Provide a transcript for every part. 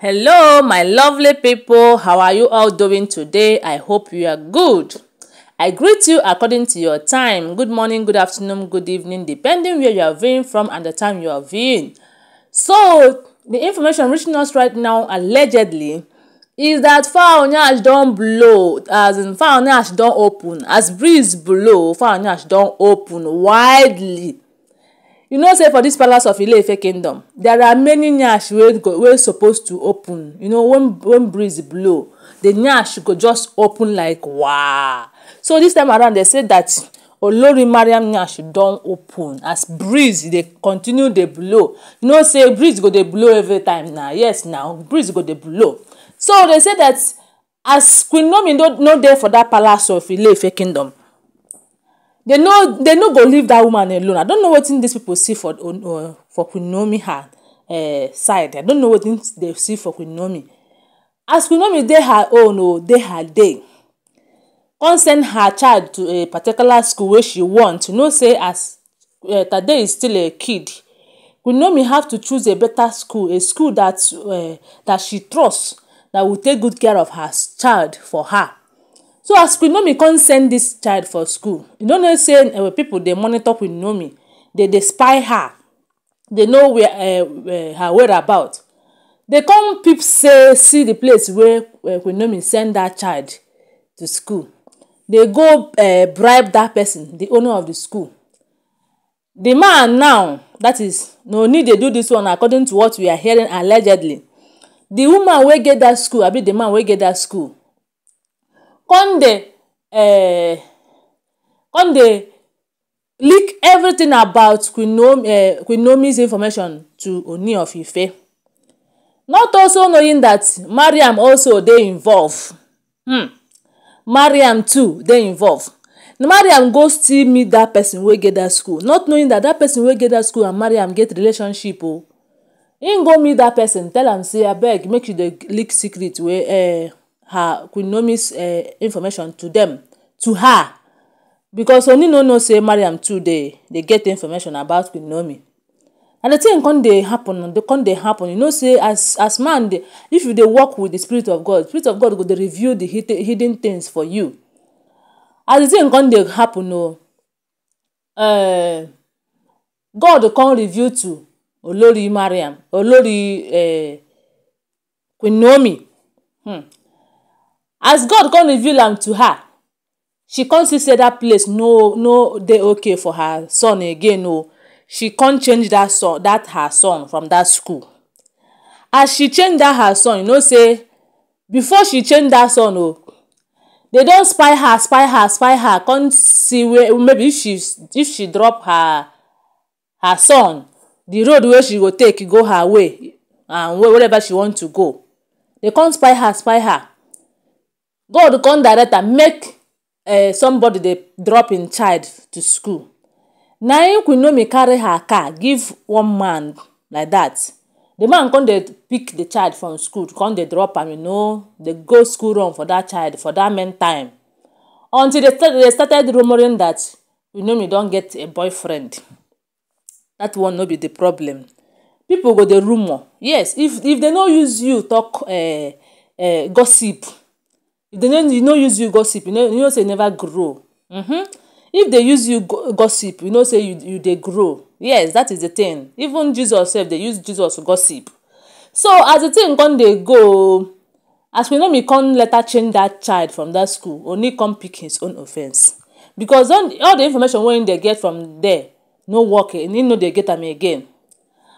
Hello, my lovely people. How are you all doing today? I hope you are good. I greet you according to your time. Good morning, good afternoon, good evening, depending where you are viewing from and the time you are viewing. So, the information reaching us right now, allegedly, is that Faonyash not blow, as in Faonyash not open, as breeze blow, Faonyash not open widely. you know say for this palace of ileife kingdom there are many nyash wey suppose to open you know when when breeze blow the nyash go just open like waa so this time around dem say dat olori mariam nyash don open as breeze dey continue dey blow you know say breeze go dey blow every time na yes na breeze go dey blow so they say that as queen nomi no dey for that palace of ileife kingdom they no they no go leave that woman alone i don't know wetin these people see for uh, for Kunomi nomi her eh, side i don't know wetin they see for Kunomi. as Kunomi, nomi dey her own o oh, dey her day come send her child to a particular school wey she want you know say as eh, today is still a kid Kunomi have to choose a better school a school eh, that she trust that will take good care of her child for her so as queen can't send this child for school you no know saying eh, people they monitor queen nomi they they spy her They know where eh, eh, her whereabout They come people say see the place wey queen nomi send that child to school They go bribe that person the owner of the school The man now that is no need to do this one according to what we are hearing allegedly the woman will get that school I be the man will get that school come dey um come dey leak everything about queen naomi um queen naomi's information to ooni of ife not also knowing that mariam also dey involve um mariam too dey involve mariam go still meet that person wey get dat school not knowing that that person wey get dat school and mariam get relationship o oh. im go meet that person tell am say abeg make you dey leak secret wey um her quinomi's uh, eh, information to them to her because oni no know say mariam too dey dey get information about quinomi and the thing come dey happen dey come dey happen you know say as as man dey if you dey work with the spirit of god spirit of god go dey reveal the hidden things for you as the thing come dey happen o uh, eh, god come reveal to olori mariam olori uh, eh, quinomi hmm, as god come reveal am to her she come see say dat place no no dey okay for her son again o oh. she come change that son, that her son from that school as she change that her son you know say before she change that son o oh, they don spy her spy her spy her come see where maybe if she if she drop her her son the road wey she go take go her way and wherever she want to go they come spy her spy her god come direct am make uh, somebody dey drop im child to school na im kunomi carry her car give one man like that. the man come dey pick the child from school come dey drop am you know dey go school run for that child for that main time until they start they started rumoring that Unomi don get a boyfriend that one no be the problem people go dey rumour yes if if they no use you talk uh, uh, gossip if they you no use you gossip you know you say you never grow mm-hmm. if they use you gossip you know say you you dey grow yes that is the thing even jesus sef dey use jesus gossip so as the thing come dey go as we know, Naomi come later change that child from that school oni come pick his own offence because all the information wey him dey get from there no work him e, e no dey get am again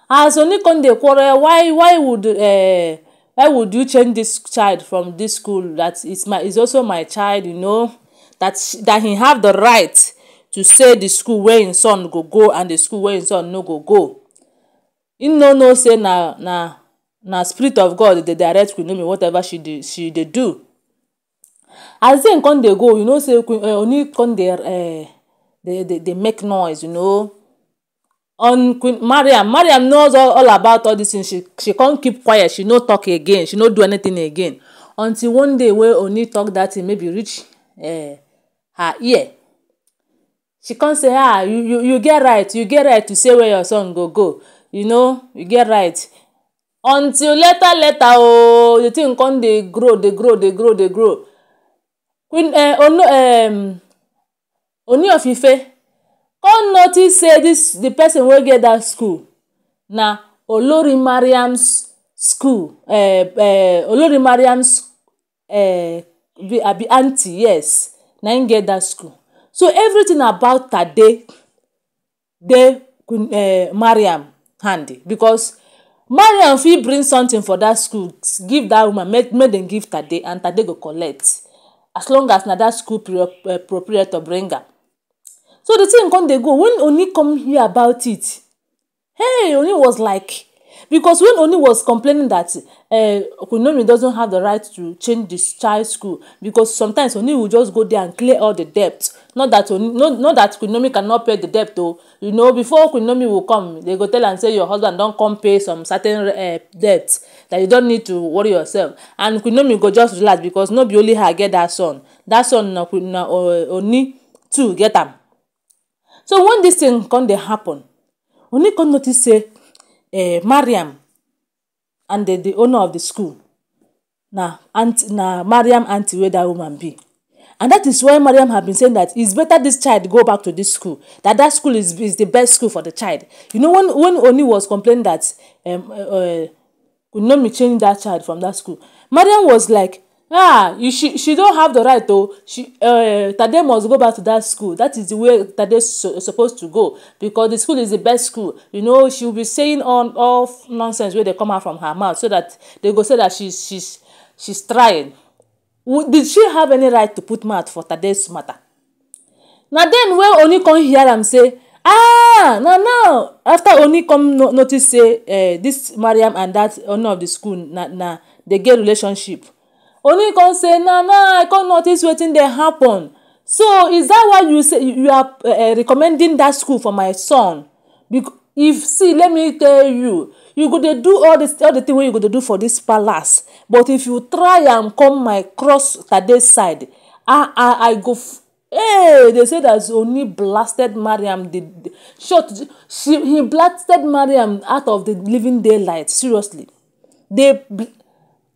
as oni come dey quarrel why why would uh, why would you change this child from this school that is my is also my child you know that she, that he have the right to say the school where his son go go and the school where his son no go go him no know say na na na spirit of god dey direct queen naomi whatever she dey she dey do as dem come dey go you know say queen uh, oni come dey uh, dey dey make noise you know on queen mariam mariam knows all, all about all this, thing she she come keep quiet she no talk again she no do anything again until one day wey oni talk that thing maybe reach uh, her ear she come say ah you, you you get right you get right to say where your son go go you know you get right until later later ooo oh, the thing come dey grow dey grow dey grow dey grow queen uh, ono um, Oni of come notice say dis the person wey get that school na olori mariams school eh, eh, olori mariams eh, abi aunty yes na im get that school so everything about her dey dey mariam hand because mariam fit bring something for that school give that woman make make dem give tade and tade go collect as long as na that school proprietor bring am so the thing come dey go when oni come hear about it hey oni was like because when oni was complaining that uh, eh, kunomi doesn't have the right to change the child school because sometimes oni will just go there and clear all the debt not that oni no not that kunomi cannot pay the debt o you know before kunomi will come they go tell am say your husband don come pay some certain uh, debt that you don need to worry yourself and kunomi go just relax because no be only her get that son that son na na eh, oni too get am so when this thing come dey happen only come notice say uh, mariam and the, the owner of the school na aunt na mariam auntie, where that woman be and that is why mariam have been saying that it's better this child go back to this school that that school is is the best school for the child you know when when oni was complaining that um, uh, eh, uh, eh, be change that child from that school mariam was like ah you, she she don have the right o she uh, tade must go back to that school that is the way tade so, suppose to go because the school is the best school you know she be saying on all nonsense wey dey come out from her mouth so that they go say that she's she's she's trying did she have any right to put mouth for tade's matter na then wey oni come hear am say ah na now after oni come no notice say uh, this mariam and that owner of the school na na dey get relationship Only come say na na I come notice wetin dey happen so is that why you say you are uh, recommending that school for my son because if see let me tell you you go dey do all the all the thing wey you go dey do for this palace but if you try am come my cross Tade side ah ah I go hey they say that Ooni blasted Mariam the, the short she he blasted Mariam out of the living daylight seriously they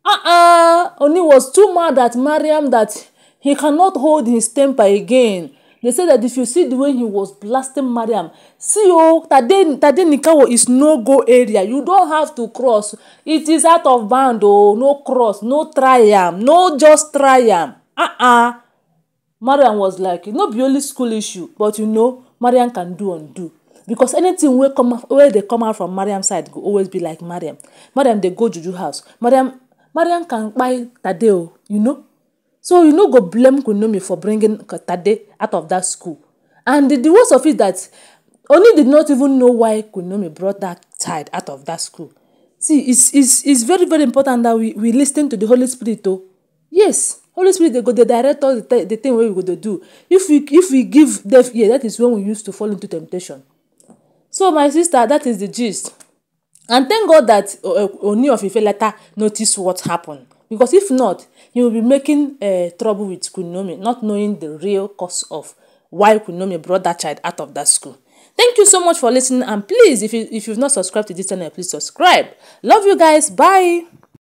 uh-uh. Oni was too mad at Mariam that he cannot hold his temper again. They said that if you see the way he was blasting Mariam, see oh, Tade, Tade Nikawo is no-go area. You don't have to cross. It is out of bound. Oh, no cross, no triumph, no just triumph. Uh-uh. Mariam was like, no be only school issue, but you know, Mariam can do undo. because anything wey come wey dey come out from mariam side go always be like mariam mariam dey go juju house mariam Marian can buy Tade, you know. So you no go blame Kunomi for bringing Tade out of that school. And the, the worst of it that Oni did not even know why Kunomi brought that child out of that school. See, it's, it's, it's very, very important that we, we listen to the Holy Spirit though. Yes, Holy Spirit, they go, they direct all the, the thing where we go to do. If we, if we give deaf ear, yeah, that is when we used to fall into temptation. So my sister, that is the gist and thank God that uh, uh, Ooni of Ife later noticed what happened because if not he will be making uh, trouble with Kunomi, not knowing the real cause of why Kunomi brought that child out of that school. Thank you so much for listening and please if you if you've not subscribed to this channel please subscribe. Love you guys bye.